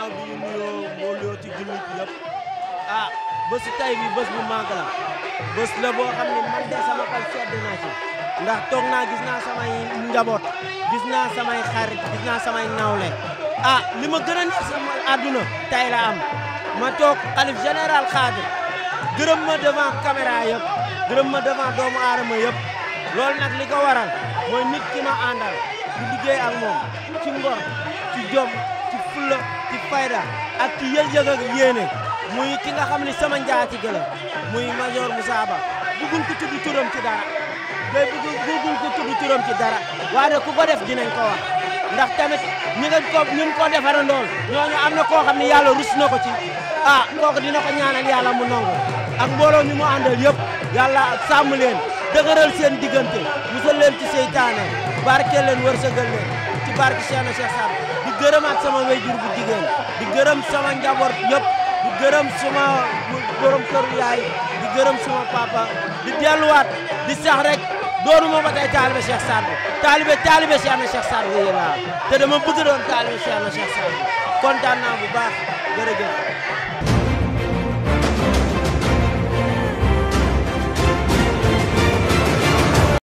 a bi ñu nuyoo Modou Lo ci jullit ah, tay bi bés bu màgg la bés xam ne man de sama xol sedd naa ndax toog naa gis naa samay njaboot gis naa samay xarit gis naa samay nawle ah li ma gën a neex àdduna tay la am ma toog xalif général Xaadir gërëm ma devant caméra yëpp gërëm ma devant doomu aadama yëpp loolu nag li ko mooy nit ma àndal di liggéey ak moom ci ngor ci jom fulla ci fayda ak ci yëg-yëg ak yéene muy ki nga xam ni sama njaatige la muy major Moussa Ba bëggul ko tudd turam ci dara day bëggul ko tudd turam ci dara waaye ku ko def dinañ ko wax ndax tamit ñi nga ko ñun ko defarandool ñooñu am na koo xam ne yàlla rus na ko ci ah kooku dina ko ñaanal yàlla mu nangu ak mbooloo mi mu àndal yëpp yàlla sàmm leen dëgëral seen diggante musal leen ci seytaane barkeel leen wërsëgal leen ci barke Cheikhna Cheikh Sarr di gërëm ak sama wayjur bu jigéen di gërëm sama njaboot yëpp di gërëm suma borom kër di gërëm suma papa di delluwaat di sax rek doonu ma ba tey taalibe Cheikh Sarr bi taalibe taalibe Cheikhna Cheikh Sarr wéyee laa te dama bëgg doon taalibe Cheikhna Cheikh Sarr bi kontaan naa bu